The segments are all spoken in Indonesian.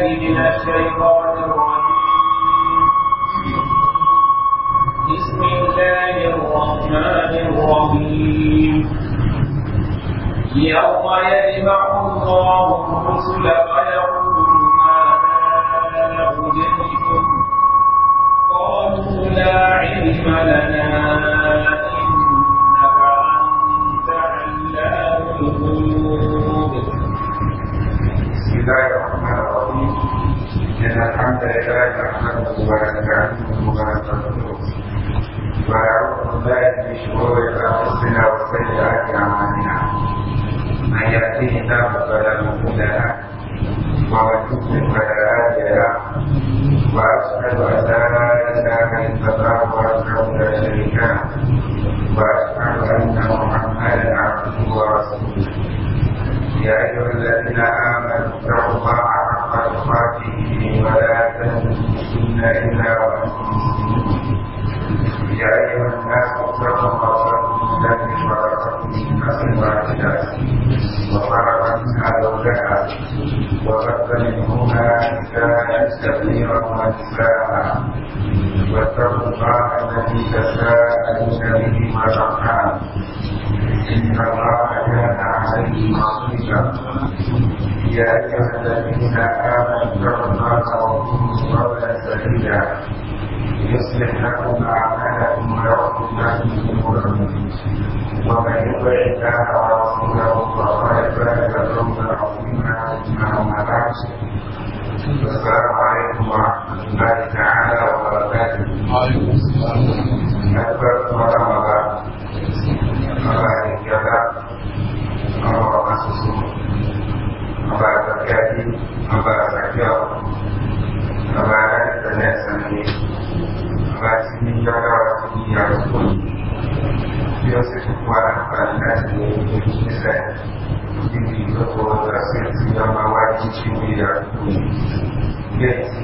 بالله من الشيطان الرجيم بسم الله الرحمن الرحيم يوم يجمع الله الرسل ويقول ماذا أجلكم قالوا لا علم لنا إنك أنت علام الغيوب بسم الله الرحمن menyatakan daerah yang akan menggunakan menggunakan untuk baru mulai di sebuah daerah sinar sejarah yang mana ayat ini tidak berada di daerah زكاها وبث منهما كان كبيرا ونساء واتقوا الله الذي تساءلون به والارحام ان الله كان عليكم رقيبا يا ايها الذين امنوا اتقوا الله وكونوا قولا سديدا يصلح لكم اعمالكم آياته وحكمته ومن يطع الله ورسوله فقد فاز فوزا عظيما أما بعد السلام عليكم ورحمة الله تعالى وبركاته.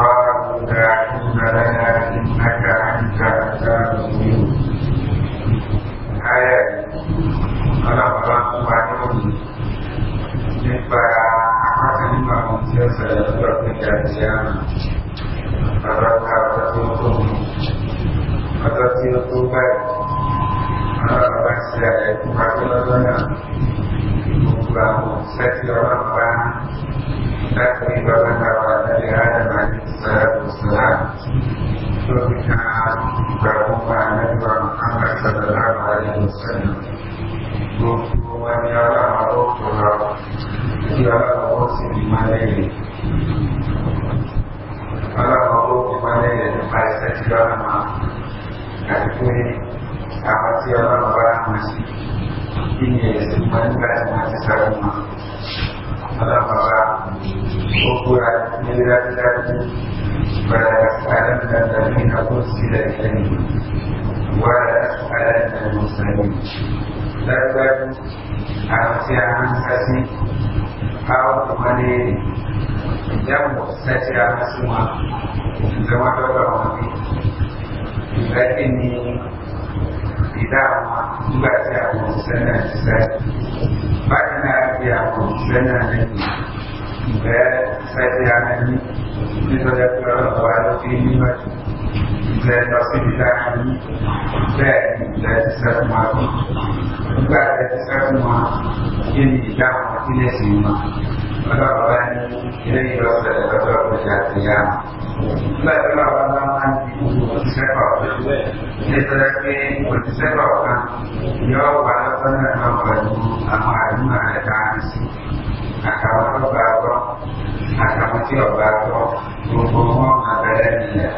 Amen. juga sama aku apa sih orang orang masih ini semua juga masih sama dalam bahwa ukuran miliar dari pada sekarang dan dari kabur tidak ini wala sekarang dan muslim dan harusnya ansasi kau kemana yang saya semua zama daukar wani zafi ne melakukan ini berasal dari kejadian. Baik melakukan antisipasi. Ini terakhir antisipasi. Ya, walaupun dalam baju amal mereka akan berbaru, akan masih berbaru, berhubungan dengan dia.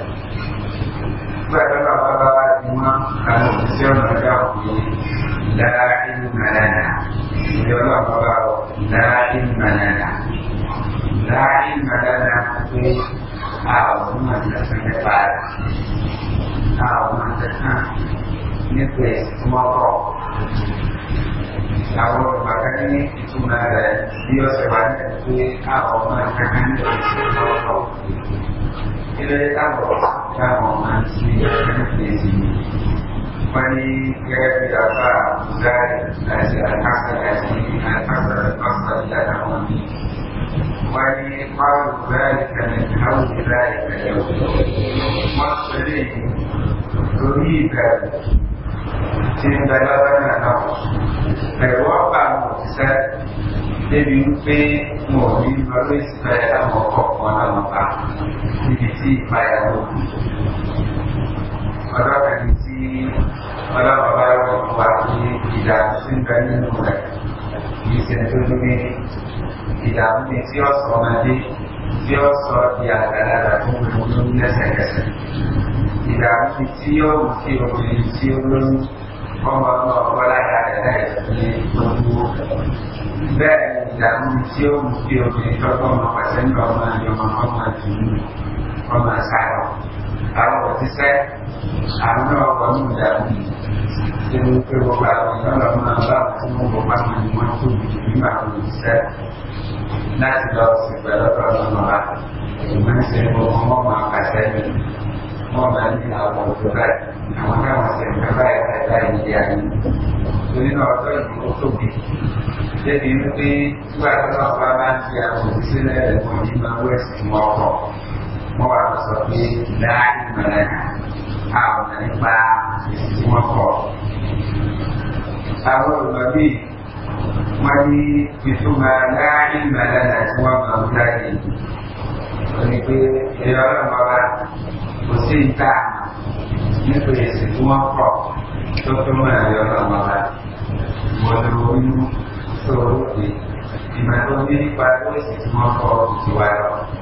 Baik melakukan lima kalau bisa mereka punya dari mana ọlọ́run bá bá ọ láì mànàdà láì mànàdà pé àwọn máa ń tẹ̀sán nípa rẹ̀ àwọn máa ń tẹ̀sán nípa ìsúnmọ́kọ̀ àwọn olùbàkà ní ìtumọ̀ rẹ̀ bí ọ̀sẹ̀ wà ní pé मणि यह जाता उदय ऐसे अर्थाकर ऐसी अर्थाकर अक्सर जाता होती मणि फल उदय करने धर्म उदय करे मस्ती दुरी कर चिंता करना ना हो पर वो काम उसे débi wípé wọn ò ní lọ lórí ìsìnkú láwọn ọkọ̀ kan láwọn ọba níbi tí ìpayà wọn. ọ̀dọ́ kan ní मला बाबा वाची जागृत करणे di sentuh ini tidak mengisio somati sio sotia karena ada pembunuhnya saya kasih tidak mengisio mesti mengisio belum membawa pola lagi ada di tubuh dan tidak mengisio mesti mengisio pemapasan pemahaman pemahaman pemasaran àwọn òṣìṣẹ́ àwọn náà ọkọ̀ ní ìdààmú nínú pé gbogbo àwọn ìyọ́nà máa bá tí wọ́n bọ̀ bá wọn ni wọ́n tó gbìyànjú nígbà tó ń ṣiṣẹ́ láti lọ sí pẹ̀lú ọ̀dọ̀ ọlọ́mọba ìmọ̀ ń ṣe gbogbo wọn máa kàṣẹ́ mi wọ́n máa ní àwọn òṣìṣẹ́ báyìí àwọn káwọn ṣe ń fẹ́ báyìí láì báyìí ní ayé torí náà ọjọ́ وعلى الصديق لا علم لنا حاول أن يطلع يستمر أول مبيت ولي بثم لا علم لنا سوى مولاي ولكن يرى مرة وسين تعمى nípa ẹ̀sìn tí wọ́n kọ̀ tó tó mọ̀ ẹ̀yọ́ lọ́wọ́ bá wọ́n ló ń sọ̀rọ̀ pé ìmọ̀ tó ní nípa ẹ̀sìn tí wọ́n kọ̀ ti wá lọ́wọ́.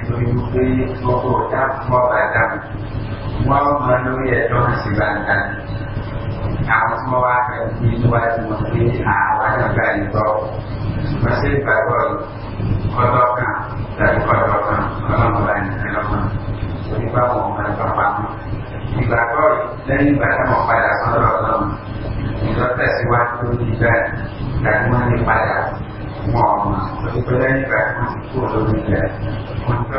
mengikuti mengkutam mengbatam memenuhi menghasilankan kamu semua akan dijual seperti awan negara itu masih bagus kotorkan dari kotorkan orang lain orang jadi kamu mengatakan dibagus dan ibadah mau pada orang itu tes waktu juga dan menipada ngomong sebetulnya ibadah masih kurang juga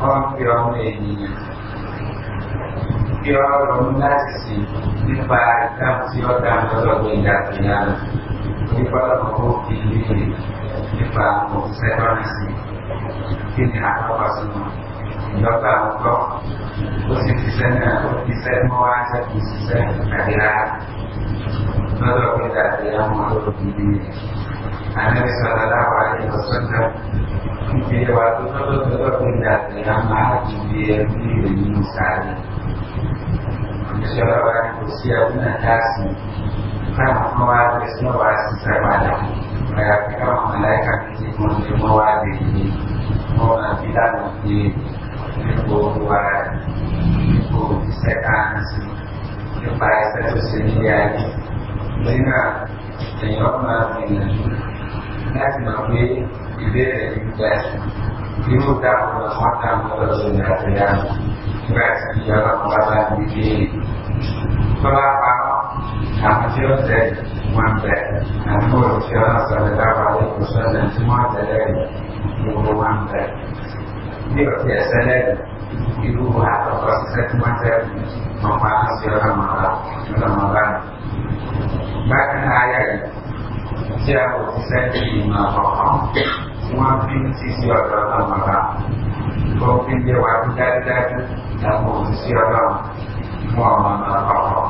orang Firaun ini Firaun nasi dibalikkan silakan terlebih dahulu daripada makhluk ini dibangun setan nasi ini apa semua Bapak kok Terus di sana Di sana mau aja bisa sana Kadirat Menurut kita Dia menurut diri النبي صلى الله عليه وسلم في رواية تطلق من القيامة بيده المساعدة Misalnya orang berusia punya kasih Kita mengawa bersama wasi sebada Mereka kita memalaika Kita menjemua diri Mereka kita nanti Kita buat Kita sekansi Kita bahasa itu sendiri Sehingga Sehingga Sehingga láti máa gbé ìbéèrè nípa irú dáhùn náà wọ́n dáhùn lọ́dọ̀ sí ní àtẹ̀yà nígbà tí ìjọba kan bá bá ní ilé tọ́lá pa àwọn tí ó tẹ̀ wọ́n tẹ̀ àti òòlù tí ó náà sọ̀rọ̀ dáwà lè kó sọ́dọ̀ tí wọ́n tẹ̀lé gbogbo wọn tẹ̀ Siapa sesi nafkah? Semakin sisi agama maka Mungkin dia wajib dari dari Dan posisi agama Muhammad nafkah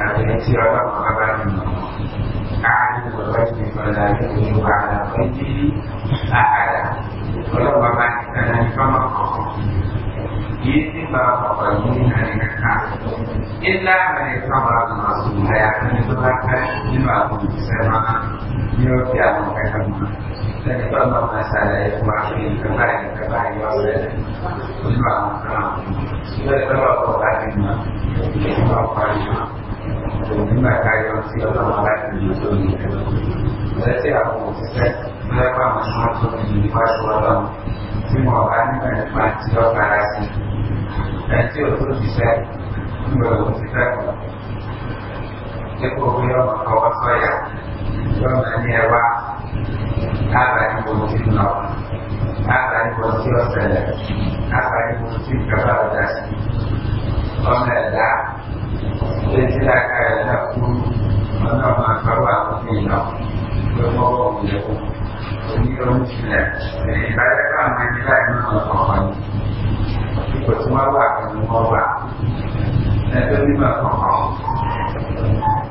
Ada sisi agama maka bagi Ahli berwajib Berlari menyuruh ala Baiti Ahada Kalau bapak kita nanti Maka ini bara papayi na kan ni ya nature also decide mengkonsiderkan Jika punya makawan saya, sebenarnya apa? Ada yang mungkin nol, ada yang mungkin saya, ada yang mungkin kepala dasi. Anda ada, jadi akan ada pun mana makawan mungkin nol, berbohong dia pun. Ini kalau mungkin, ibaratkan mereka ที่กฎว่าว่ามีมอว่าแต่ตรงนี้มาของของ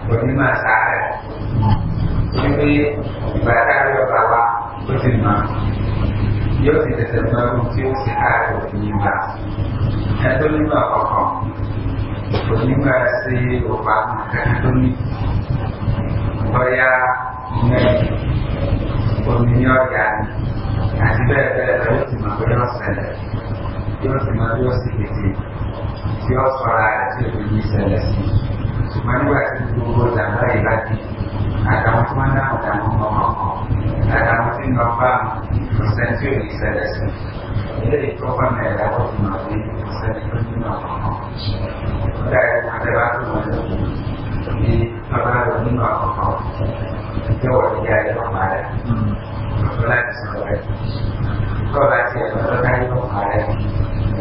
วันนี้มาสาย tapi ibaratnya ada beberapa berterima dia tidak terima mungkin sehat berterima itu lima pokok berterima si obat makan itu ni bayar dengan peminyak yang nasibnya ada berterima pada masalah yóò sì máa yóò sì tètè tí ó sọra rẹ̀ tí ó fi ní ìṣẹ̀lẹ̀ sí ṣùgbọ́n nígbà tí gbogbo ìjàmbá yìí bá dé àtàwọn tí wọ́n dáhùn dáhùn ọmọkàn àtàwọn tí ń lọ bá ọ̀sẹ̀ tí ò ní ìṣẹ̀lẹ̀ sí ilé ìtọ́kọ̀ náà ẹ̀dá tó fi mọ̀ pé ọ̀sẹ̀ tí ó nínú ọ̀kọ̀ọ̀kan ó dàrí àtẹ́bá tó wọ́n lọ ní ọba rẹ̀ nínú ọ̀kọ̀ọ̀kan ìjọwọ́ ìyá rẹ̀ ọ̀pá rẹ̀ ọ̀pọ̀ láti sọ̀rọ̀ rẹ̀ kọ́ bá tiẹ̀ lọ́dọ́ káyé ọ̀pá rẹ̀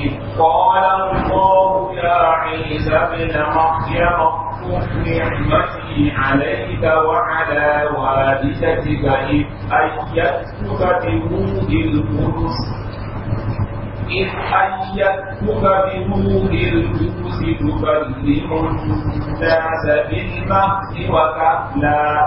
إذ قال الله يا عيسى ابن مريم اذكر نعمتي عليك وعلى والدتك إذ أيدتك بنور القدس إذ أيدتك بروح القدس تكلم الناس بالمهد وكهلا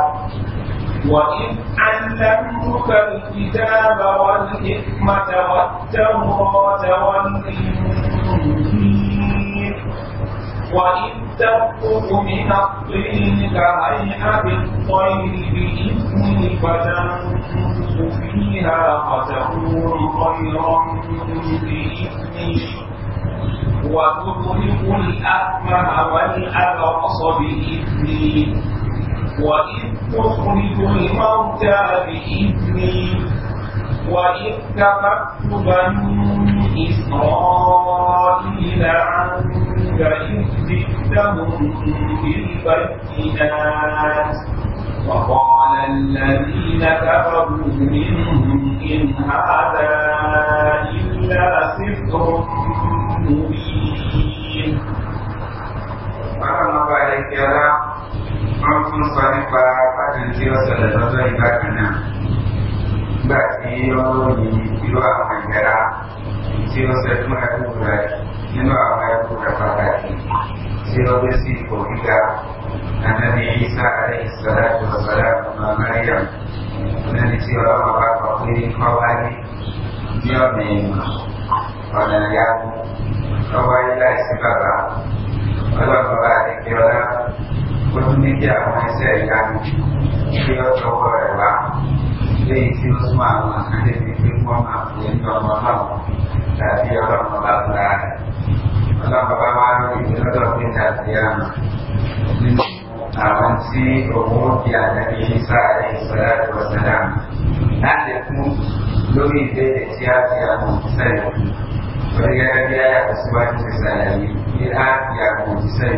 وإذ علمتك الكتاب والحكمة والتوراة والإنجيل وإذ تخرج من الطين كهيئة الطير بإذن فتنفخ فيها فتكون خيرا بإذن وتطلق الأكمه والأبرص بإذن وإذ تخرج الموتى بإذني وإذ كفرت بني إسرائيل عنك إذ جئتهم بالبينات وقال الذين كفروا منهم إن هذا إلا سحر مبين Para kira Mampu memfungsikan continuously the total impact on them. ဒါဒီလိုဒီဒီလိုအောင်ကြတာစီလိုစက်မှတ်လို့ရတယ်။နင်တို့အောင်ရဖို့ရပါတယ်။စီလိုပစ္စည်းကိုဒီကအန္တရာယ်အိစာအိစရာကိုစရာမာမရီယံနန်ဒီစီရောမှာပါပေါ်ပြီးခေါ်ပါလိမ့်။ပြောနေမှာဘာလဲရ။တော့ဝိုင်းလိုက်စကားကဘယ်လိုပါလဲကြောလား Watumikia Maisha ya ndani ndiyo tohara la hii siosimama hadiikikwama kuingia mabao yatiyota mababulaya mabamba orang ibinotokenda ziyama abansi omubi anabi isa alaihi salatu wassalamu nandeku lórí ìbéèrè tí a lebih àwọn dia yìí kí orí gẹ́gẹ́ bí ayàtọ̀ síwájú ti sàlàyé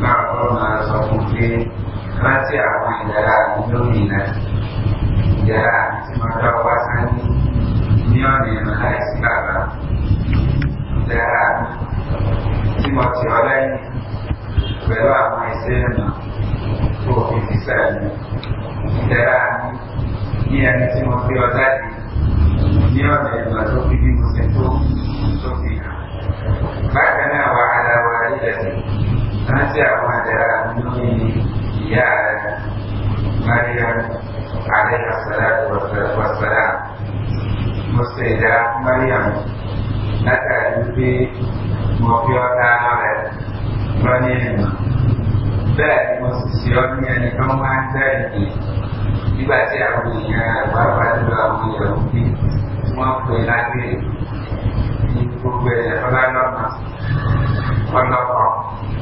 máa kọ́ máa sọ fún pé rántí àwọn ìyàrá mi lónìí náà ìyàrá mi tí máa dá wá sáyé ní ọ̀nà ìrìn láìsí bàbá ìyàrá mi tí mo tì ọ́ lẹ́yìn pẹ̀lú àwọn ẹsẹ̀ ẹ̀mọ́ tó fi fi sẹ́yìn sengaja kepada melindungi dia Maryam yang salatu wassalam Mesti dah Maryam Nata yubi Mofiota hore Banyin Bẹ́ẹ̀ni mo sì ṣe ọ́ ní ẹni tó máa ń jẹ́ ìdí nígbà tí àwọn èèyàn àgbàgbà jùlọ àwọn èèyàn ń bí wọ́n pè lágbèrè ní gbogbo ẹ̀yà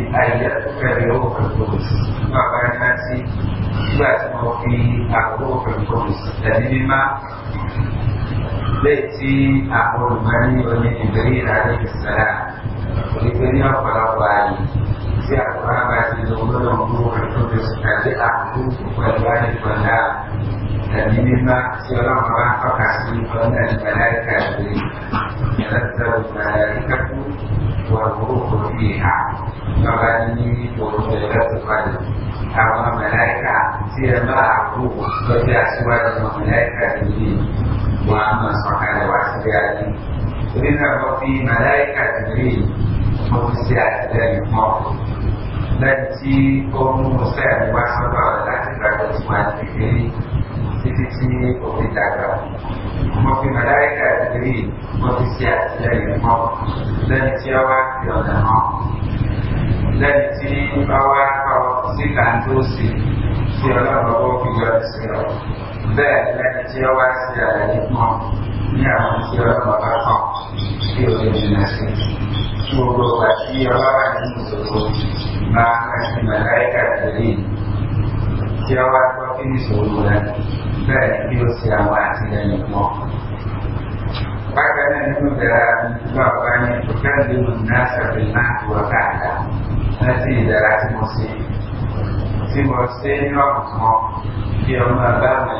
الآيات كان روح apa yang الناس يأتوا في الروح القدس الذي مما ليتي أقول مني ومن جبريل عليه السلام ولكن يقول الله tí àwọn ará ti lọ lọ́dọ̀ ọdún ọdún àti àkókò pẹ̀lú àdìpọ̀lá tàbí mímá tí ọlọ́run bá ń tọ́ka sí ọdún àdìpọ̀lá ìkàgbé ìrẹsẹ̀ òkàlà والروح فيها فبني ومشركات الرجل أو ملائكة سيما عقوب وفي أسواد وملائكة جبريل وأما الصحابة وأسرائيل ذكر في ملائكة جبريل وفي ذلك الموقف التي قوم موسى وأسرائيل وأسرائيل di sisi pemerintah maupun malaika sendiri manusia dari mau dan siapa yang mau dan di bawa kau si kantu si si orang bawa figure si dan lẹ́ni tí ó wá sí ààrẹ nípọ̀ ní àwọn tí ọlọ́mọ bá kàn kí o lè jìnà sí gbogbo tí a wá gbọ́ kí ní ìṣòro rẹ̀ bẹ́ẹ̀ bí ó ṣe àwọn àtìlẹyìn pọ̀. Bákan náà nínú ìdára nígbà bá ní ìtòkẹ́lẹ̀ nínú ìdásàbí náà ti wá káàkà láti ìdára tí mo ṣe. Tí mo ṣe ní ọ̀pọ̀ bí ọmọ aláwọ̀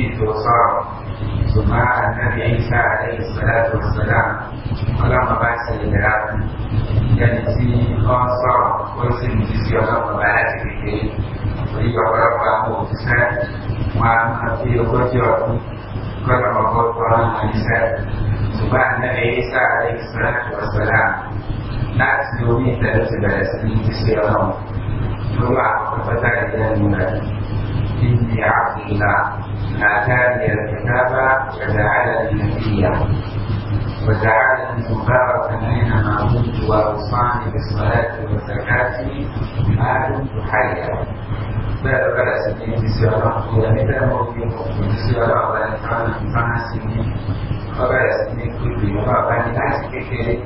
èèyàn مع النبي عيسى عليه الصلاة والسلام اللهم بأس للعالم ينزي خاصة ويسن جزي اللهم بأس لكي ويجب ربه وفساد وعن خطير وجهه كرم الله تعالى النساء سبحان النبي عيسى عليه الصلاة والسلام ناس يومي ثلاثة بلاس من جزي اللهم نروح وفتاة إلى المنى إني عبد الله آتاني الكتاب وجعلني نبيا وجعلني مباركا أينما كنت وأوصاني بالصلاة والزكاة ما كنت حيا بلا بلا سنين في بسيارة مثل متى موقف بسيارة ولا كان كان سنين فبلا سنين كل يوم فبلا ناس كثير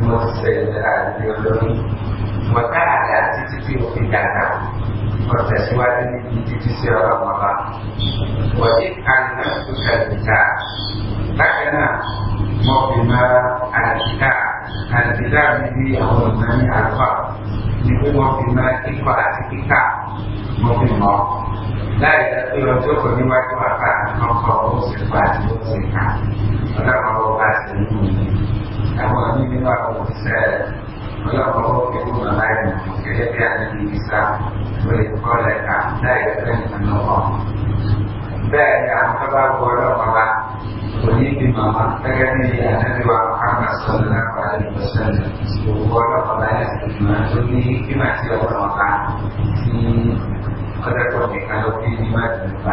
موسى العالمين وتعالى تتفيه في كتابه bersesuaian di orang Allah wajib anda sudah bisa karena mau bima dan kita menjadi awalnya apa itu mau ikhlas kita mau dari satu rojo berdua itu apa mau sesuatu sekarang ada mau bahas kamu ini memang bisa kalau kamu tidak bisa บริสุทธิ์รายการได้เรื่องสนุกได้การพระบาทบรมบาทวันนี้ที่มามาแต่กันนี่นะที่ว่าข้างกันสนนะว่าจะเป็นสนสุขวรรณบาทนะวันนี้ที่มาที่เรามาการที่ก็จะต้องมีการที่มาถึงไป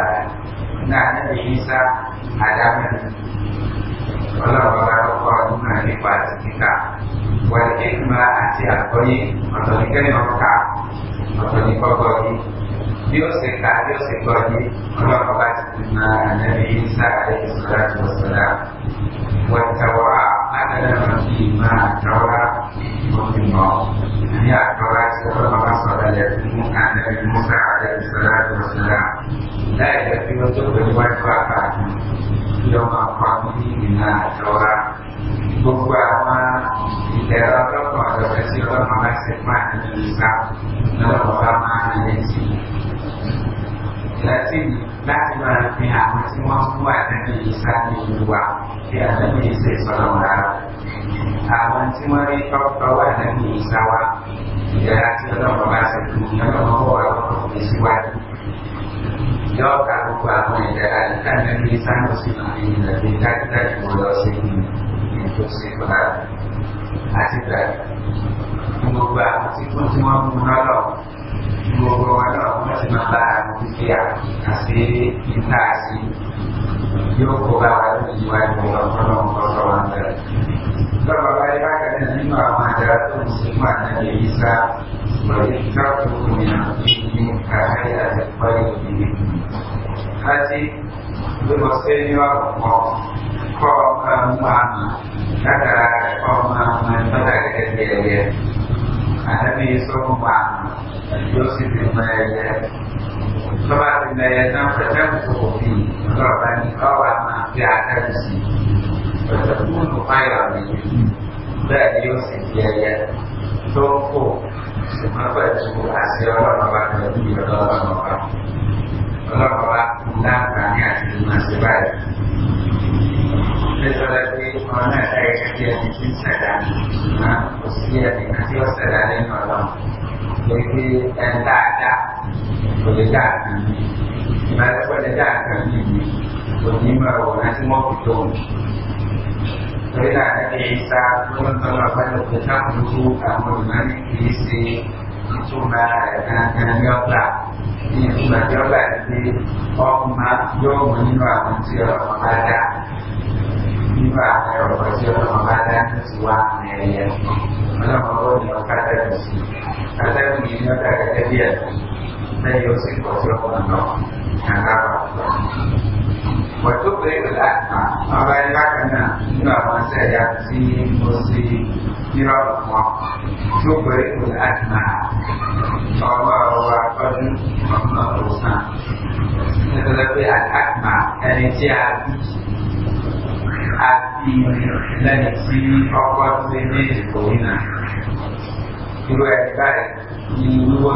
นั่นนี่ที่สาอาจารย์ ọlọ́run bá orang nímọ̀ nípa ti kíkà wọ́n ní kíkà àti àgbọ́yé ọ̀tọ̀ ní kẹ́lẹ́ náà kà ọ̀tọ̀ ní kọ́kọ́ yìí bí ó ṣe kà bí isa àlejò sọ́dá tó sọ́dá wọ́n tẹ̀wọ́rà adẹ́rẹ́mọ̀ kí máa tẹ̀wọ́rà òfin mọ́ ní àtọ́rà tí ọlọ́run bá sọ̀rọ̀ lẹ̀ fún ànábi musa jangan mampang ini Bina Acora Buku apa di daerah itu ada kesilapan mengenai sekmat di Bisa Dalam ulama di sini Tidak sih, tidak sebenarnya pihak masih mampu ada di Bisa di Jawa Di ada di Bisa di Jawa Awan semua di Tau-Tau ada di Bisa Di daerah itu ada mengenai sekmat di Bisa Dalam ulama di Bisa menjawabkan buat kan dan bisa muslim ini lebihkan dan mengurusin instruksi Tuhan asyik mengubah meskipun semua menolong mengubah masih mabar pikir kasih cinta asih yuk kubah tujuan mengubah menolong menolong sebagai akan lima majalah muslimat Nabi Isa Berikab dunia ini Cahaya baik ini kau Haji Bersenyum Kemaman Kata kemaman pada kejadian kau Sopan Yusuf bin Mayyad Sebab bin Mayyad Nampak jam Sopi Rabani kau Yang akan disini tutto paga di beh io sentirei troppo se non poi su se ora non va a dire allora non va allora va l'altra neanche di una separata penso da qui non è che sia di sincera ma ossia di una tua sera di nuovo perché è andata con le dati ma con le dati onímọ̀ ọ̀rọ̀ láti mọ́ fi tó Mereka ada bisa teman-teman kita untuk kemudian diisi cuma dengan yoga. Ini cuma yoga di Oma Yo menimba manusia Ramada. Menimba manusia Ramada itu suami ya. Mana mau dilakukan itu sih. Kata menimba kata dia. Saya Yosef Kosovo, anak-anak. Waktu beri lah, orang yang kena beri ini dan Ibu yang ibu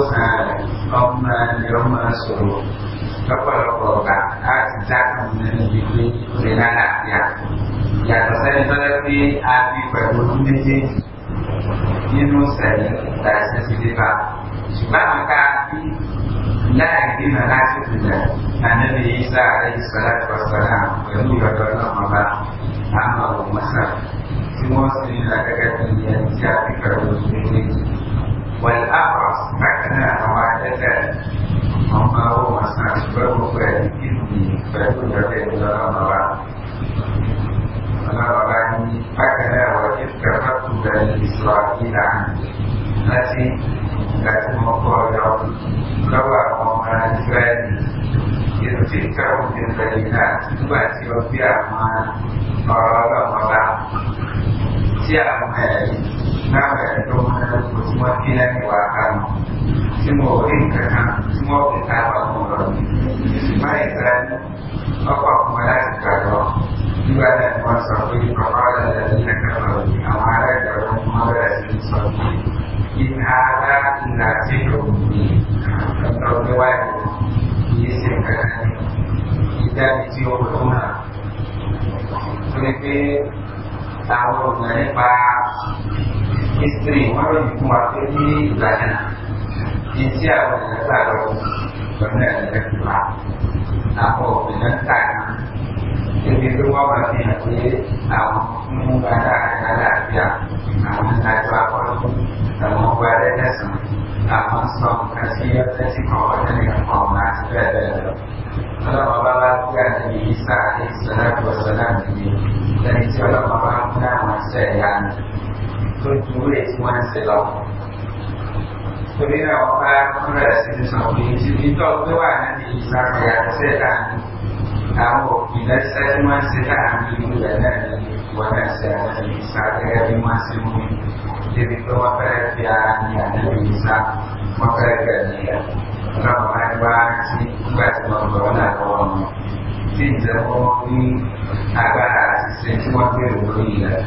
sangat, Allah yang masuk dapat melakukan sejak kemudian diberi dengan ya ya saya berarti api bangun ini ini saya dari sisi pak cuma api لا يمكن أن أعرف أن النبي عيسى عليه الصلاة والسلام يقول لك 呃干嘛干？这样哎，那个中间不是我天天给我干嘛？是我另个看，是我给他把工作，那也是，我把工作来是干的，一般的我手里把把的那个手机，俺妈来个我妈来是手机。In ada illa sikru Tentu riwayat Ini sikru Ida dicium rumah pé àwọn ọ̀gbìn nípa history wọ́n lè fún wa pé ní ìgbà náà ní tí àwọn ènìyàn gbà lọ pẹ̀lú ẹ̀rẹ́ fúra àwọn ọ̀gbìn náà kà ní ebi pé wọ́n máa fi hàn pé àwọn mú bàtà àlàáfíà àwọn ìdájọ́ àkọ́kọ́ àwọn ọgbà ẹ̀rẹ́ tẹ̀sán àwọn sọ̀rọ̀ kàṣíyọ́ tẹ́sí kan ọ̀dẹ́nìkan kan ọ̀nà àti bẹ́ẹ̀ bẹ́ẹ̀ lọ. Allah wabarakatuh di sana alaihissalatu wassalam ini dan insya Allah wabarakatuh masa yang tujuh semua selau Sebenarnya apa kurang sini sampai sini itu tua yang sedang kamu bila saya cuma sedang ibu dan wannan sai isa ta yabi masu muni da bi kuma farfiya ya na isa เราไปว่าสิ่งแบบสมองเราหน้าตรงสิ่งจะมองนี่อาการสิ่งที่มันไม่รู้ดีเลย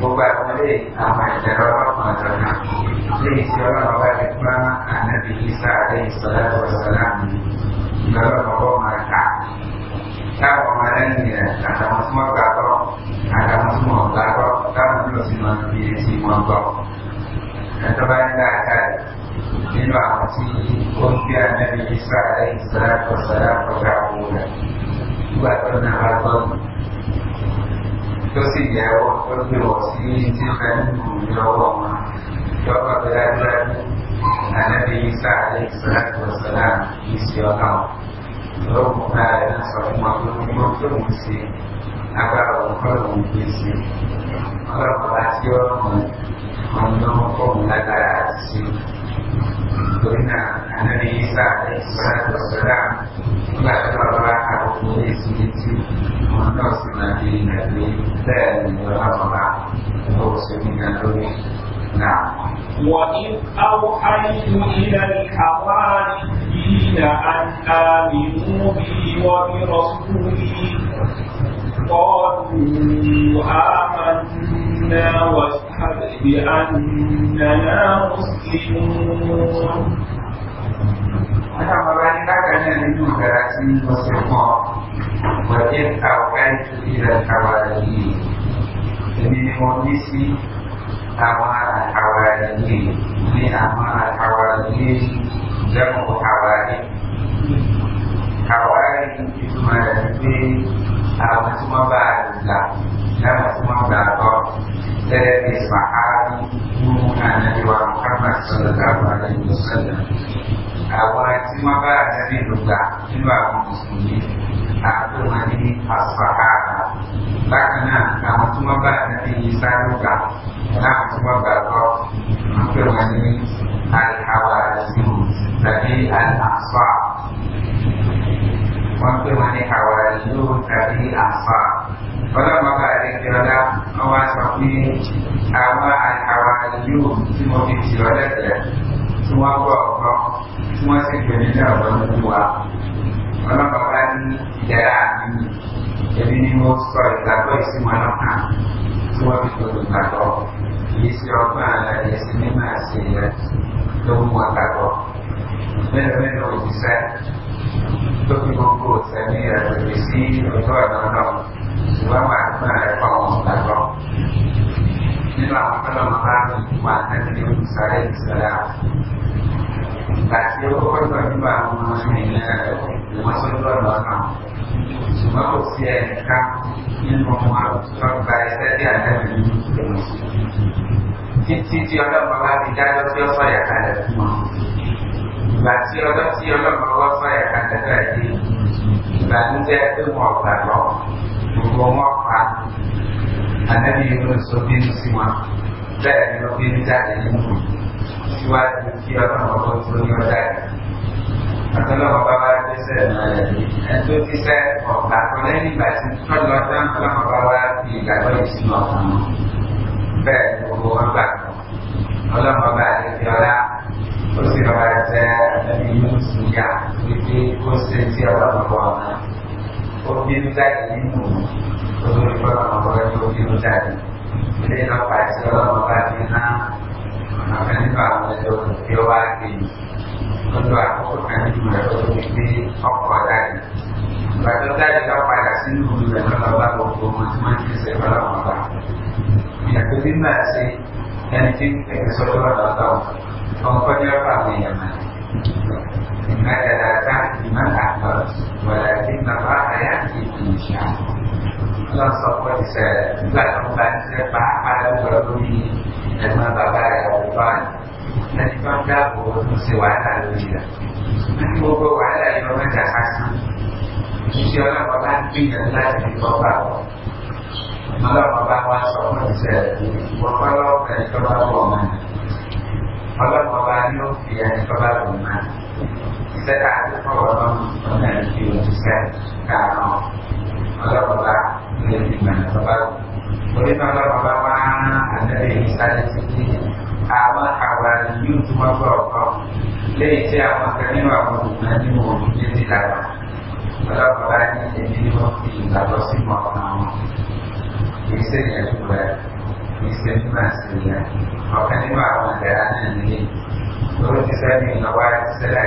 พวกแบบไม่ได้ทำให้แต่เราต้องมาทำนะที่เชื่อว่าเราได้เป็นพระอานาติอิสาได้สละตัวสละแล้วเราก็มาทำถ้าประมาณนั้นเนี่ยอาจารย์สมองเราก็อาจารย์สมองเราก็ถ้ามันรู้สิ่งมันดีสิ่งมันก็ kebanggaan di mati kumpian Nabi Isa alaihi salatu wassalam perkabungan buat penerbangan terus ini ya terus ini ya terus ini ya Bapak berat-berat Nabi Isa alaihi salatu wassalam isi otak Rumah dan suatu waktu Mungkin isi Agar orang-orang isi Orang-orang menyokong negara Karena Nabi Isa Alaihissalam berserah telah terlalu harus sendiri menurut Nabi Nabi dan berlalu terus mengandungi نعم وإذ أوحيت إلى الحواريين أن آمنوا بي وبرسولي قالوا آمنا واشهد بأننا مسلمون Maka orang katanya itu berarti muslimah Ini kondisi Amal Ini amal kawali Jamu kawali itu àwọn semua wọ́n dan semua lára tí wọ́n gbà tọ́ gẹ́gẹ́ bí sàárì nínú ànáyẹ̀wà muhammad sallallahu alayhi wa sallam àwọn tí wọ́n bá ànábì lùgbà nínú àwọn mùsùlùmí àti wọn ní àsàárà bákan náà àwọn tí wọ́n bá ànábì yìí sárúgà láwọn tí wọ́n gbà tọ́ waktu mani itu dari apa? pada maka ada kira awa sapi awal al itu semua di siwada ya semua kelompok semua sebenarnya berdua pada maka ini ini jadi ini mau sekali takut isi semua itu di isi apa di sini masih ya semua takut benar-benar bisa tutti i concorsi a dire che sì, ritornano, si va avanti nella riforma d'accordo. Nella parola parte di quanto di un sarei sarà. La che ho fatto arrivare una scelta, ma sono tornato. Ma così è il campo, il momento, sono paese di andare in un Títí tí ọlọ́pàá bá ti dájọ́ tí ó sọ̀yà kalẹ̀ fún ọ. Bàtíọ́lọ́ tí ọlọ́pàá wá fàyà kàtàkà yìí, ìbànújẹ́ tó mọ̀ ọ̀gbà lọ, gbogbo wọn pa ànábì inú sóbí ń sí wọn, bẹ́ẹ̀ ni ó bí ń jáde nínú síwájú kí ọlọ́pàá tó tó ní ọjà rẹ̀. Àtọ́lọ́pàá bá wá gbèsè ẹ̀tọ́ ti kan lẹ́yìn ìgbà tí tọ́lọ́ tán ọlọ́pàá considerate l'immunità, quindi consentire alla donna di immunità, cosa che poi non vorrei continuità di lei la faccia la mattina ma che ne parla del più avanti quando ha poco tempo per quindi ho guardato la cosa è che la faccia si incontra con la barba come si mangia se fa la mamma e così in Contohnya kami yang mana? Inna datang iman akbar Walakin nama ayat ibn syah Tuhan sopoh bisa Bukan kembali sepa Ada berbunyi Dan membabar ya Tuhan Dan Tuhan dah buat Musiwana dunia Nanti buku wala yang memecah sasa Insyaallah Tuhan Bina Allah jadi Tuhan Malah membawa sopoh bisa Wafalau dari Tuhan Tuhan maka mawani usia kepada umat Sekarang orang memiliki usia Karena Maka bapak Ini dimana bapak Boleh bapak bapak Anda yang misalnya Awal awal cuma berokok Lain saya makannya Wabah umat ini Mungkin tidak Maka bapak ini Ini Tidak bersih Mau Ini saya juga Ini saya kuma da ne wurin isanin na wayar sila da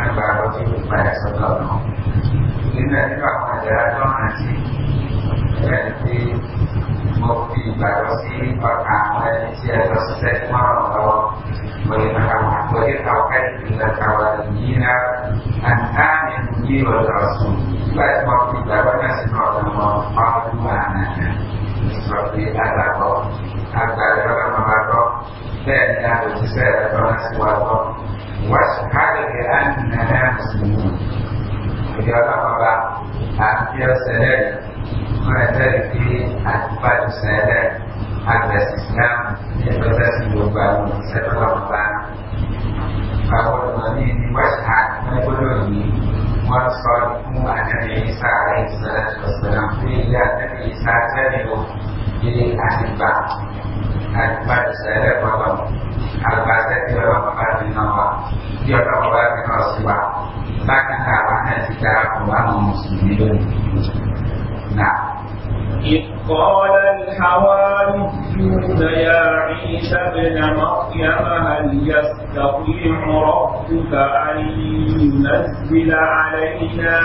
kan ba ba ce kuma da sallar nan ina ina kuma da don a ce yanzu mafi ba da su ba ka mai ce da su sai kuma rawa wani na kama wani kawai da kawai nina an seperti ada ada orang mengatakan فإنه حساب مسواه واشهد بأننا مسلمون إجابة الله عافية سلام وذلك أكبر سلام atas Islam yang berasal dari satu lautan. Kalau ini diwasat, mereka ini wasalku ada Isa alaihissalam. Bila ada Isa jadi jadi asibah. akibat saya dapat Al-Basa itu memang makan di nama Dia akan makan di nama siwa Bahkan kawannya secara membangun muslimin Nah إذ قال الحواريون يا عيسى ابن مريم هل يستطيع ربك أن ينزل علينا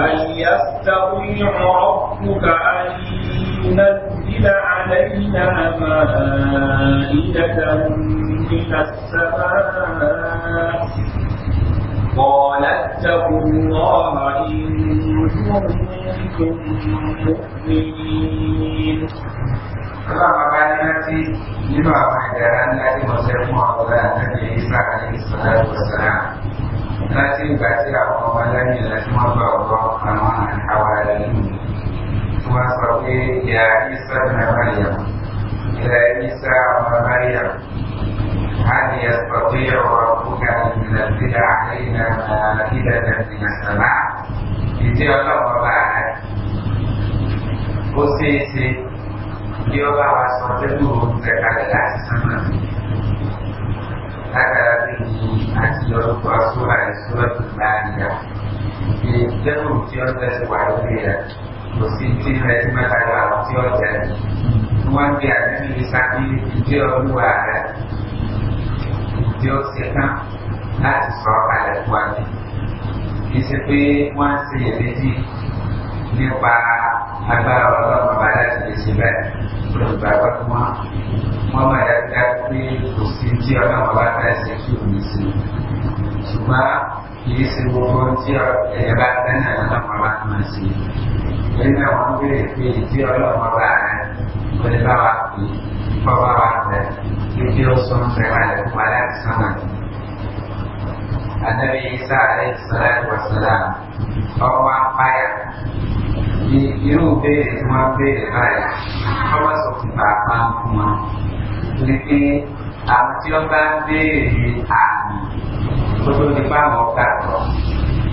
هل يستطيع ربك أن ينزل ينزل علينا مائدة من السماء قال اتقوا الله إن كنتم مؤمنين Kenapa kalian nanti lima pengajaran dari Musa Muhammad dan Nabi Isa alaihissalatu wassalam Nanti baca apa-apa lagi dan semua bawa-bawa kemahan awal ini kuma seperti ya isa na maryam ya isa wa maryam هل يستطيع ربك أن ينزل علينا مائدة tidak السماء؟ Ìdí ọlọ́wọ́ itu rẹ̀. Ó ṣeé dia kí ó bá wa sọ pé kò ń tẹ̀kalẹ̀ láti sánmà. Látara bí àti lọ́dúnkọ́ sóra ìṣúra tó kò sí tí rẹ̀ tí mẹ́ta lọ àwọn tí ọ̀jẹ̀ rẹ̀ tí wọ́n fi àdéhùn ìsá bí ìdí olúwa rẹ̀ ìdí ó ṣe tán láti sọ kalẹ̀ fún wa ní. kì í ṣe pé wọ́n ń ṣe ìrètí nípa agbára ọlọ́run bá láti lè ṣe bẹ́ẹ̀ olùgbàgbọ́ tí wọ́n wọ́n mọ̀ dáadáa pé kò sí tí ọlọ́run bá fẹ́ ṣe kí òun sí ṣùgbọ́n kì í ṣe gbogbo tí ẹ̀yẹ bá fẹ́ náà lọ́wọ́ bá máa ṣe ní àwọn béèrè pé ìdí ọlọ́mọ bá rẹ̀ wọlé bá wa pè kọ́ bá wa tẹ̀ kí kí ó sọ ń fẹ́ wà lẹ̀ fún aláàtì sánà. Àdàbí Isa alayhi salatu wa salam ọwọ́ apáyà ní irú béèrè tí wọ́n béèrè báyìí ọwọ́ sọ fún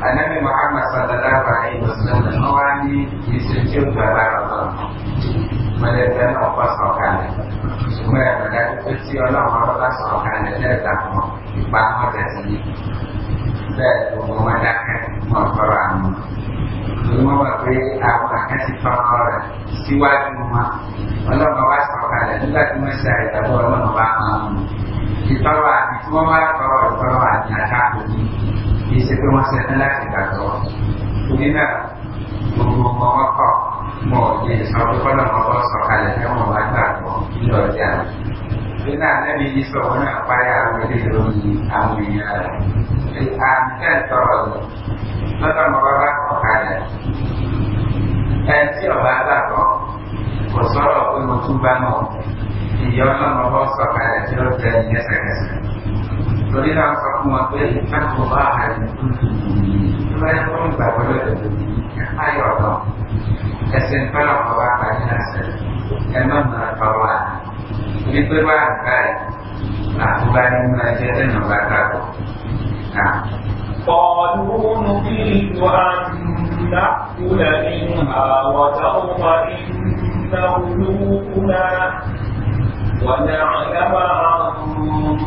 annabi Muhammad sallallahu alaihi wasallam wani nisirkin babaraba darah ta na kwa sọ̀kalẹ̀ Semua ẹ̀rọ dájú pé tí ọlọ́run ọlọ́lá sọ̀kalẹ̀ lẹ́ẹ̀ta fún ipa ọjà sí i bẹ́ẹ̀ gbogbo wọn dákẹ́ wọn fọ́rọ̀ àmọ́ torí wọ́n mọ̀ wajib àwọn àkáǹtì fọ́nrán rẹ̀ síwájú itu masih lelaki kata Kulina Munggu mawakak Mau di suatu pada mau sekali Yang membaca Indo jalan Kulina Nabi Yusuf Mana payah Mereka dulu Amin ya Di kan Tolong Tolong mawakak Sekali Dan siapa bahasa Kau Kau sorok Kau tumbang Kau Iya Allah mau Sekali Jauh dan Nyesa-nyesa ตัวที่เราประมวลด้วยท่านผู้ว่าอะไรด้วยต้องแบบว่าด้วยให้เราลองแต่เส้นพระเราภาวะไปที่นั่นเสร็จแต่เมื่อมาภาวะนี่เพื่อว่าใกล้หลักบายมาเจอเส้นของเราครับอ่า ونعلم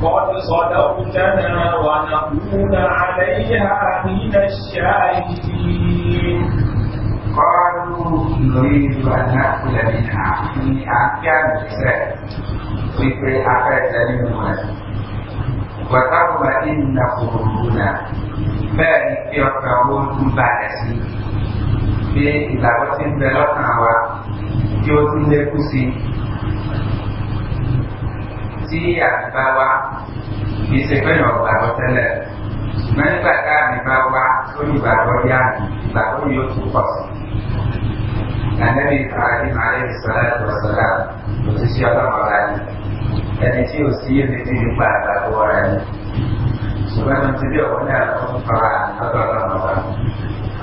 قد صدقتنا ونكون عليها من الشاهدين قالوا نريد أن نأكل منها في أحيان في أحيان منها وتطمئن قلوبنا ذلك يقرؤون بعد سنين في إلى وقت بلغنا ويوتي لكسي tí àmì bá wá kì í ṣe pé yàn gbàgbọ́ tẹ́lẹ̀ ṣùgbọ́n nígbà tá àmì bá wá ó ní ìgbàgbọ́ bí àmì ìgbàgbọ́ yóò tún pọ̀ sí. Ànẹ́bí Ibrahim Alẹ́bí Sọlá Ìgbọ̀sọ̀lá kò ti ṣe ọlọ́mọ rà ní ẹni tí ò sí èmi tí ní pa àgbàgbọ́ rà ní. Ṣùgbọ́n mo ti bí ọ̀wọ́ náà ó ń fara lọ́dọ̀ ọlọ́mọ rà.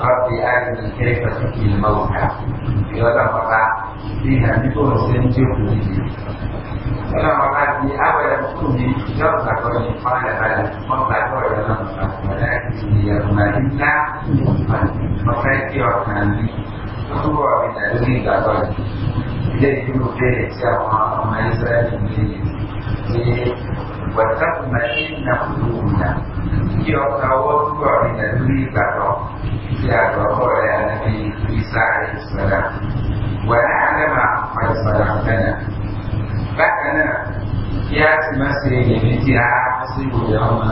Rọ́bì Áyẹ̀mí kéré pẹ̀lú ìlú Mọ́wùká. Ìlọ́dọ̀ ọ̀pá ní àdúgbò ṣe ń jókòó Karena maka di apa yang suci, kita takut di pada tadi, mengtakut dalam pada di dalam kita, maka itu akan di semua kita ini Jadi dulu dia siapa orang Israel ini, ini buatkan masih nak punya. Dia tahu semua kita ini takut. Dia tahu yang Nabi Isa bákan náà kí masih ti má masih ìrètí ara sí ìwòye ọmọ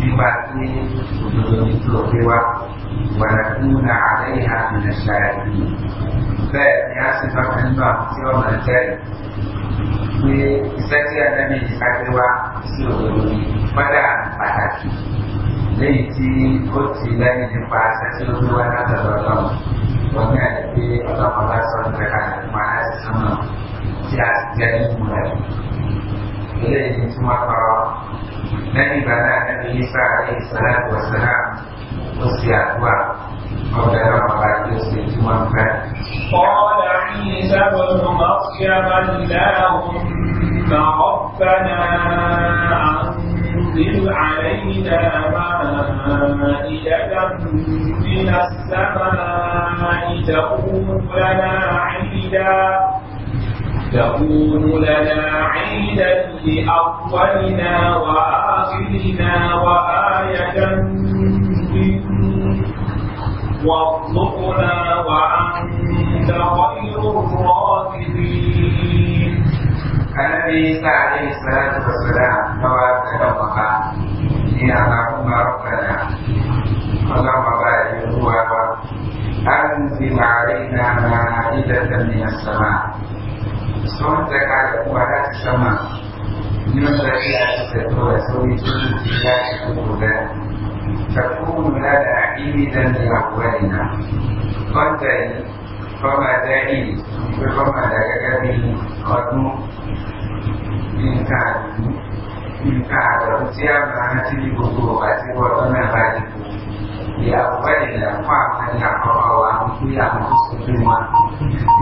nípa tí òdodo ní tó gbé wá wàlá kúrú na àlẹ́ ìhà ìrìnà ṣáà yìí bẹ́ẹ̀ ni a sì bákan nínú àwọn tí ọmọ ẹ̀jẹ̀ pé iṣẹ́ tí a lẹ́nu ìṣàgbé wá sí òdodo ní pátá pàtàkì lẹ́yìn tí ó ti lẹ́yìn nípa iṣẹ́ على نبي عيسى عليه الصلاة والسلام وسع قول رب يوسف قال عيسى ابن مريم اللهم ربنا أنزل علينا مائدة من السماء تكون لنا عيدا تكون لنا عيدا لأولنا وآخرنا آتنا وآية وارزقنا وأنت خير الرازقين Karena di Isa alaihi salatu wassalam bahwa dalam maka ini Allahumma Rabbana Allahumma barik wa أنزل علينا مائدة من السماء. Semua terkait kepada بالنسبة إلى الفتوى سويت التفات كتبا تكون لنا عيدا لأولنا قدري فما دائم فما لك به قدم إن كان إن كان سيما تلك الضوءة وتنغالب لأولنا فما يقرأ وأنت يأمس بما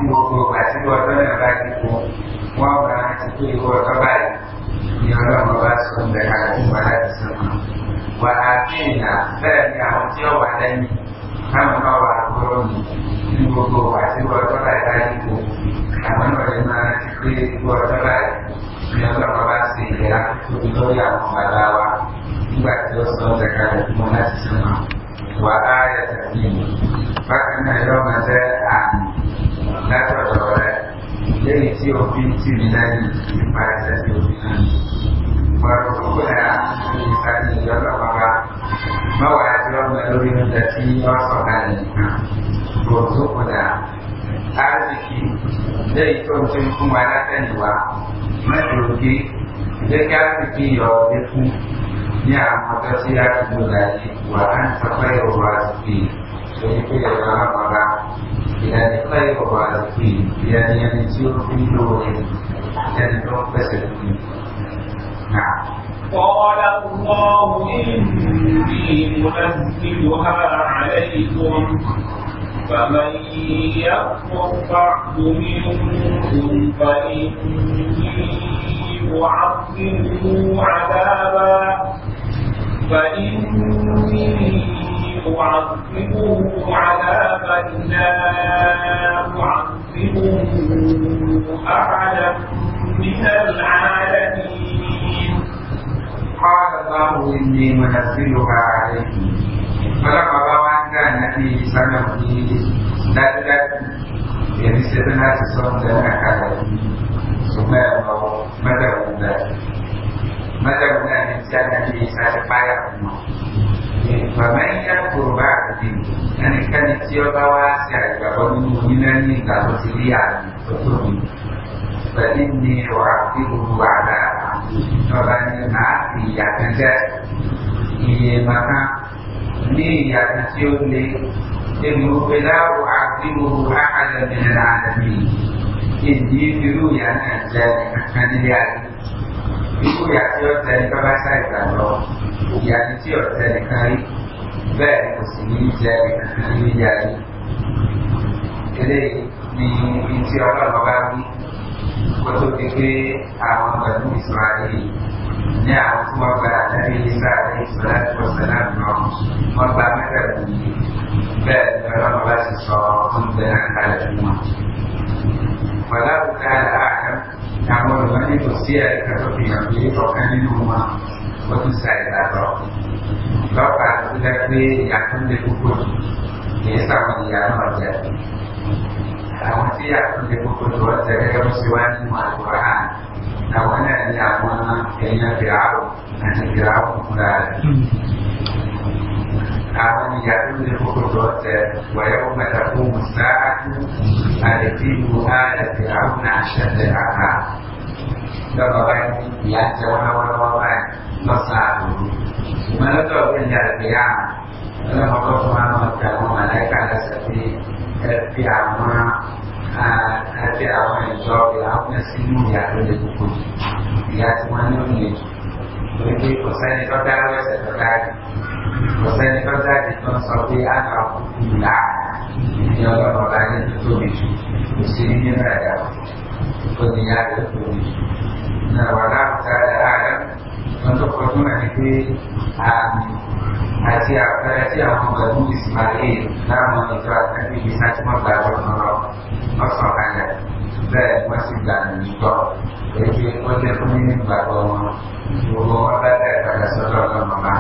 gbogbo àti ọjọ́ náà bá ti kú wọ́n bá ti pé ìwọ ọjọ́ báyìí ni ọlọ́run bá sọ ń bẹ̀rẹ̀ àti wà láti sọ wà á tẹ̀yìnà bẹ́ẹ̀ ni àwọn tí ó wà lẹ́yìn káwọn náà wà lọ́rọ̀ mi ní gbogbo wà sí ọjọ́ báyìí láyé kò àwọn náà lè máa rántí pé gbogbo ọjọ́ báyìí ni ọlọ́run bá ṣe ìlera tóbi lórí àwọn bàbá wa nígbà tí ó sọ ọjà kalẹ̀ fún wọn láti sọ wà á yẹ tàbí mi bákan náà yọ ọmọ jẹ àmì látọ̀dọ̀ rẹ lẹ́yìn tí òfin tì mí lẹ́yìn แล้วก็บอกว่าเมื่อวานที่เราเมื่อรู้มันจะที่ว่าสองกันรวมทุกคนอ่ะอาริกิ dari kuncin kumarakan dua menduduki dekat kaki yaudiku ya matasya kembali wahan sampai wazki jadi itu ya Allah maka tidak diklaim wazki tidak dianisiur pintu dan itu peserta nah قال الله إني منزلها عليكم فمن يكفر بعد منكم فإني أعظمه عذابا فإني أعظمه عذابا لا أعظمه أعلم من العالمين قال الله إني منزلها عليك فلما روى عن النبي صلى الله عليه وسلم دلت يعني سيدنا تصور لنا كذا ثم يرى مدى ذلك مدى ذلك كان في سنة فايرما فمن يكفر بعد دين يعني كان يتيوبا واسع يقول مؤمنا من قبل سريعا فإني أعذبه على jawabannya A iya saja iya maka ini ya kecil ini ilmu bila u'azimuhu ahadan minal alamin ini dulu ya akan dilihat itu ya kecil dari bahasa ya kecil dari kali bẹ́ẹ̀ kò sì ní jẹ ìkàkiri yàrá eléyìí ni ìtì ọlọ́run wato keke àwọn bàtú israeli ní àwọn tí wọn gba àtàrí isa àti ìsọlá tí wọn sẹlẹ àná wọn gba mẹtẹẹbù yìí bẹẹ lọrọ bàbá sì sọ fún bẹẹ àkàlẹ fún wọn. wàlá òkè àlà àkà àwọn olùwádìí kò sí ẹ̀ka tó fi hàn pé ọ̀kan nínú namun kujibu kutuwa jaga musiwani mwa Al-Quran na wana ni amwana kenya Firao na ni Firao kumulala awani yakujibu kutuwa wa ada takumu saatu alitibu ala Firao na ashadda haka dama bani yanja wana wana wabani masaadu manata wakenya al في amma a tsayawa da jawabi a hakunan sinu ya kan da kuku ya ci wani ne wani kò sẹ́ni tó dá wẹ́sẹ̀ tó dá rí kò sẹ́ni tó dá rí tó ń sọ pé a nà kúkú là ní ọlọ́run bá ní tó tóbi jù kò sí ní nínú ẹ̀dá kò ní ya rẹ̀ tóbi jù náà wà láwùjọ ẹ̀dá rẹ̀ wọ́n tó kọjú náà ni pé àmì ऐसी अक्सर ऐसी हम बदू Ismail namun mengikrarkan di bisa cuma dapat nolok masalahnya dan masih dan juga jadi oleh pemimpin bahwa bahwa ada pada saudara mama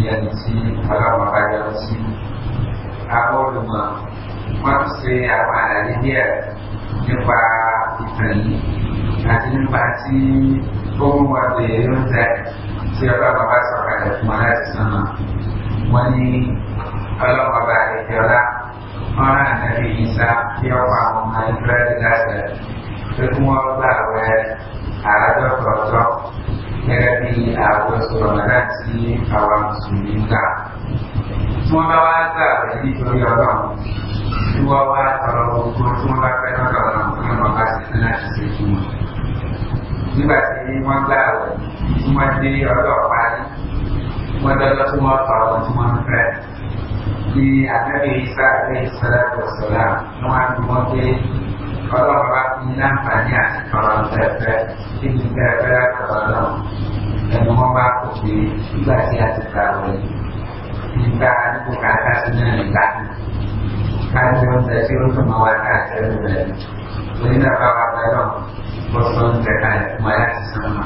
yang si kalau makanya si aku cuma manusia apa dari dia jumpa ini nanti jumpa si penguat dia yang saya siapa bapak saudara kemana sana วันนี้พระโลกบาลเทระพระราชกิจสาเที่ยวความหมายพระราชคือมัวบาเวอาจจะประจบเทระดีอาวุโสมราชีภาวะสุนิกามัวบาวาจาเรดิโตยอมตัวว่าเราคุณมัวบาเป็นเราเราคุณมัวบาสิทธิ์นาสิทธิ์มัว nígbà tí wọ́n gbà wẹ̀ tí wọ́n dé ọlọ́pàá semua kalau cuma kayak di ada di Isa di Salat cuma mungkin kalau orang minang banyak kalau tidak tidak ada kalau dan memaku di ibadah sekali minta bukan anu kasihnya minta kan jangan jadi untuk mawar kasih rinakawa da ran wasu da kan mara su sama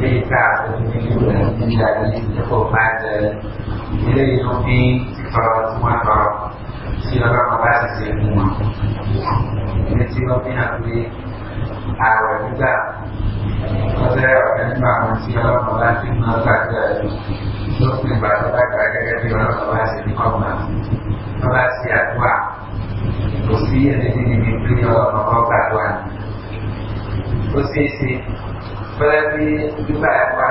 zai sa su fi biyu da inda ne da ko fata zai yi nufi fara kuma fara shi ya ba ba su sai kuma ne ci ba fi hakuri a wani za wata Kursi ada di bibir beliau Allah Tuhan. Kursi si berarti juga apa?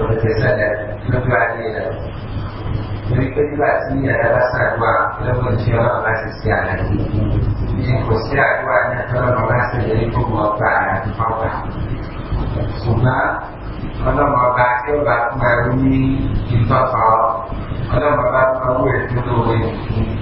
Berbeza dan berbeda. Jadi juga sini adalah sarwa dan menjual basis jalan. Ini kursi aduannya kalau merasa jadi pembuatan apa? Cuma ọlọ́mọ ọba tí ó bá fún ẹrú ní ìtọ́sọ mau ọba tó wù ètò lóore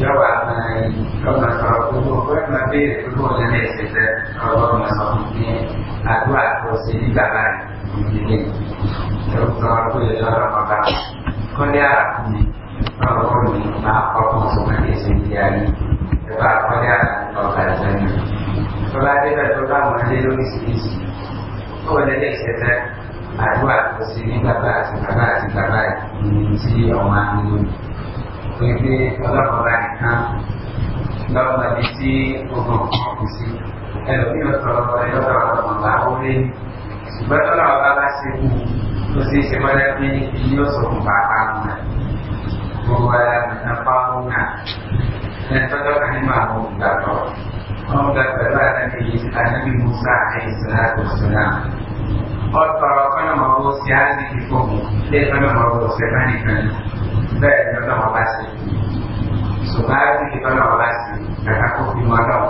جواب كما تركوه وما بين كل جنازة اللهم صلي أدواء وسيدي بابان تركوه يا رب كل يا رب اللهم ما أقرب صلي سيدي sebab pada Allah sana. Sebab ada satu orang mengandung isi-isi. Oh, nenek kata, Aduh, kesini bapak, sebabat, sebabat, si orang Mengikuti orang-orang dalam tradisi hukum tradisi. Kalau dia orang-orang yang orang-orang mengetahui sebenarnya orang-orang sibuk mesti sebenarnya dia serumpaan bukan apa bunga dan contoh kalimah mengungkap mengungkap adalah Nabi di Musa alaihissalatu wassalam Orang-orang mau siasi di kamu, dia mau siapa nih bẹ́ẹ̀ ni ọ̀nà wọn bá ṣe ṣùgbọ́n á ti ìtọ́nà wọn bá ṣe kàkà kó fi mọ́ náà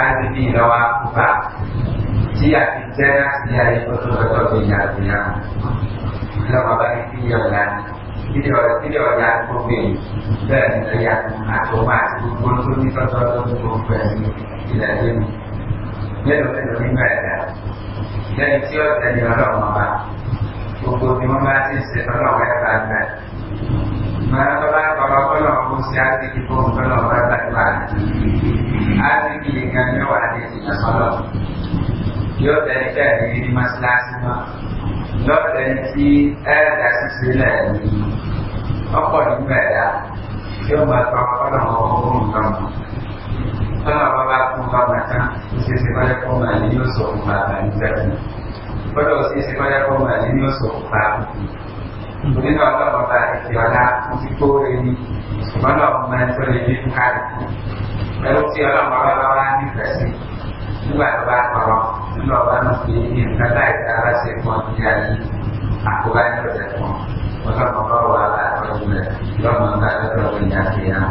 á ti bí ìlọ́wọ́ àkúfà tí a ti jẹ́ láti ní ayé tó tó lọ́jọ́ bí ìyá àti ìyá ìlọ́wọ́ bá ní kí ìyá ọ̀la ni kí ìyá ọ̀la tó gbé yìí bẹ́ẹ̀ ni ìyá àtọ́wọ́ àti gbogbo tó ní tọ́jọ́ tó ní tó fẹ́ ní ilẹ̀ ayé Mana tolak bapak kolong Mesti asik ibu kolong Rasa tuan Asik dengan nyawa Adik kita kolong Yo dari dari ini masalah semua Yo dari si Eh dari si lagi Apa ni beda Yo bapak kolong Kolong Kalau bapak kolong macam Mesti sekolah kolong Ini usuk Bapak ini Kalau si sekolah kolong Ini usuk Bapak Mungkin kalau bahasa istilahnya musik ini Sebenarnya mengatur ini bukan Lalu siapa bahwa lawan ini versi Bukan lawan bahwa Lawan mesti ini kata cara semua menjadi Aku kan berjatuh Maka bahwa Lawan Lawan Lawan Lawan Lawan Lawan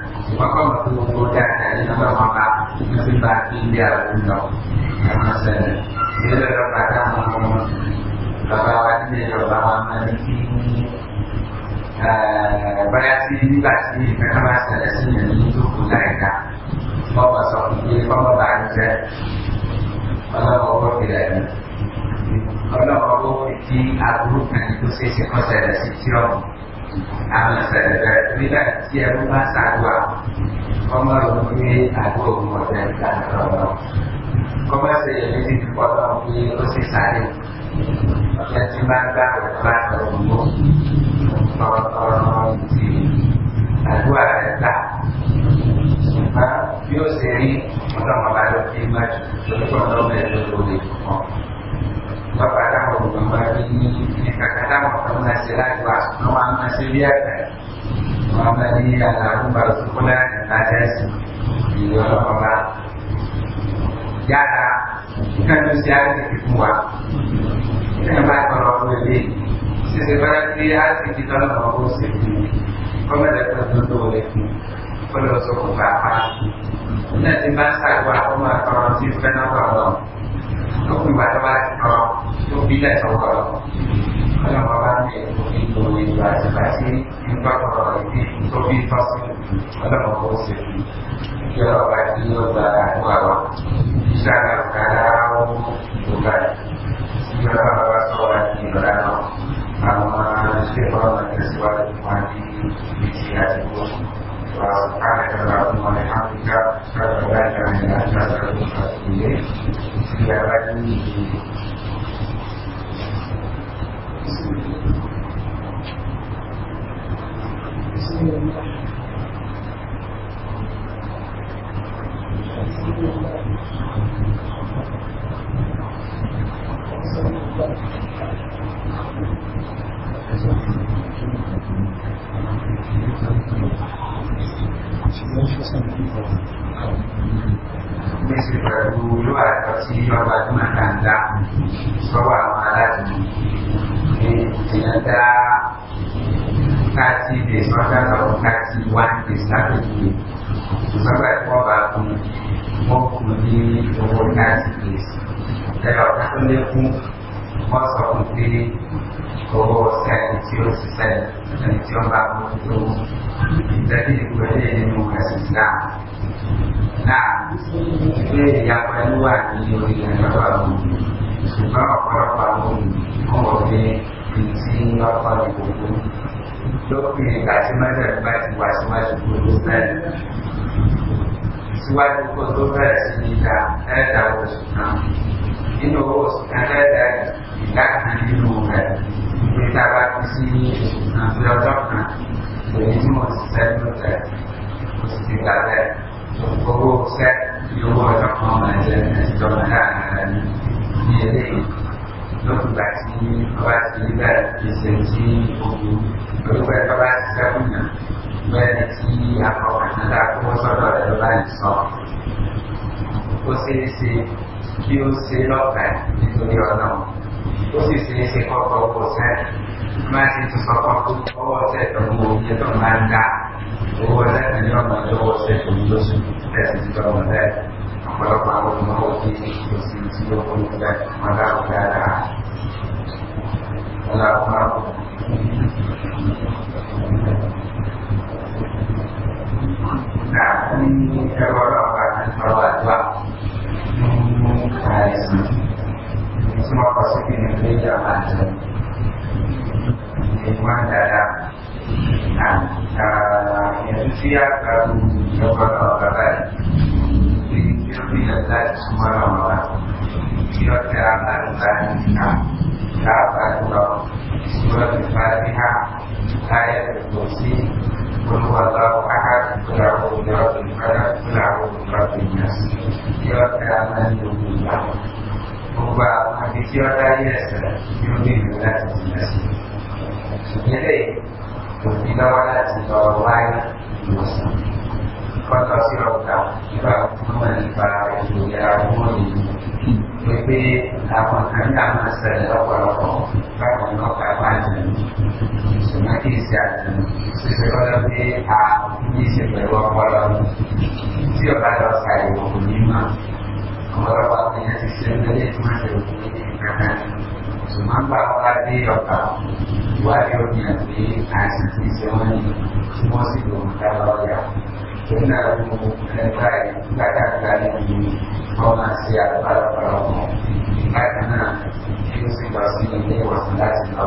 maka وقوتا يعني نظر مقا نسل باكين ديار ونطو أما سنة إذا ربك أمام فقاوات من الله أمامي bóyá tí nígbà tí ìfẹ́ká bá itu sí ìyẹn ní tó kù láìka bọ́bọ̀ sọ pé bọ́bọ̀ bá ń jẹ́ ọlọ́wọ́ ó fi rẹ̀ mí ọlọ́wọ́ ó fi amal sadaka tidak dia membahas dua Komar mempunyai aku modern dan krono Komar saya jadi dipotong di Rusi Sari Dan cimanta berkelas berumur Tonton di Dua kereta Cuma Bio seri Untuk فقده بمبادئه فكتم وقمنا الصلاة baru sekolah, سبيانا وعملي di luar الأساس ya ada, yara bukan manusia rezeki semua kenapa kalau beli? sisi dia sisi dalam maupun sisi kau ada tertentu olehmu kalau sokong apa Nah, di masa gua, aku nggak tahu sih, kenapa ก็คุณหมายว่าเรายกวิจัยสองก่อนเราบอกว่าเนี่ยตัวอินโดนีเซียสมัยที่มีความต่อไปที่ตัวอินฟาสิแล้วเราบอกว่าสิ่งที่เราไปที่เราจะว่าว่าที่สร้าง Mesti berdua Pasti bapak itu makan tak Bawa malam Ini ternyata Kasih desa Kalau kasih wan desa Sebab bapak pun Mau kembali Bawa kasih desa aku lihat pun Masa pun kọ́kọ́ sí ẹni tí ó sì sẹ́ ẹni tí ó ń bá gbogbo tó ìtẹ́lẹ̀ ìlú ẹ̀lẹ́ nínú ẹ̀sìn islam náà ìgbé ìyapa ẹni wà ní orí ẹ̀yọ́pọ̀ àwọn ṣùgbọ́n ọ̀pọ̀lọpọ̀ àwọn olùkọ́ pé èyí tí wọ́n kọ́ ní gbogbo lópin ìgbà tí mẹ́tẹ̀ bá ti wá síwájú gbogbo sẹ́ẹ̀ síwájú kó tó bẹ̀rẹ̀ sí ní ìdá ẹ̀ẹ́dà oṣù Dinos ada dan kita Kita di sini filosofnya. Jadi semua saya menurutkan. Kita ada Kau set ilmu macam mana aja, macam mana dan dia ni. Lalu baca ni, baca ni dah disensi, lalu baca baca sekarangnya. Baca si apa macam dah, kau sahaja dah lain so. QC98 editorial não. O CC se colocou por certo, mas isso só coloca o certo no dia do mandar. O Zé melhor mandou o certo no doce peças de mandar. Agora para o novo dia que o CC eu vou mandar o cara. Olá, olá. Nah, ini kalau orang akan salah KSI semua konsep Indonesia ada cuma ada nah yang saya baru coba kabar ini tidak ada semua orang kita terangkan dan dapat kalau surat Fatihah ayat قل هو الله احد قل اعوذ برب الفلق قل اعوذ برب الناس يوكا من يؤمن الله gbogbo àwọn àti tí ó dáyé ẹsẹ̀ yóò ní ìlú láti ti ẹsẹ̀ ìdílé kò fi lọ́wọ́ láti lọ cristianismo, se si vai ver a iniciativa agora, se eu vai sair com o Lima, agora vai ter a cristiana de mais eu Cuma bawa di lokal, warionya di asli zaman semua sih belum kalau ya. Kena mulai katakan di komersial para para karena situasi ini waspada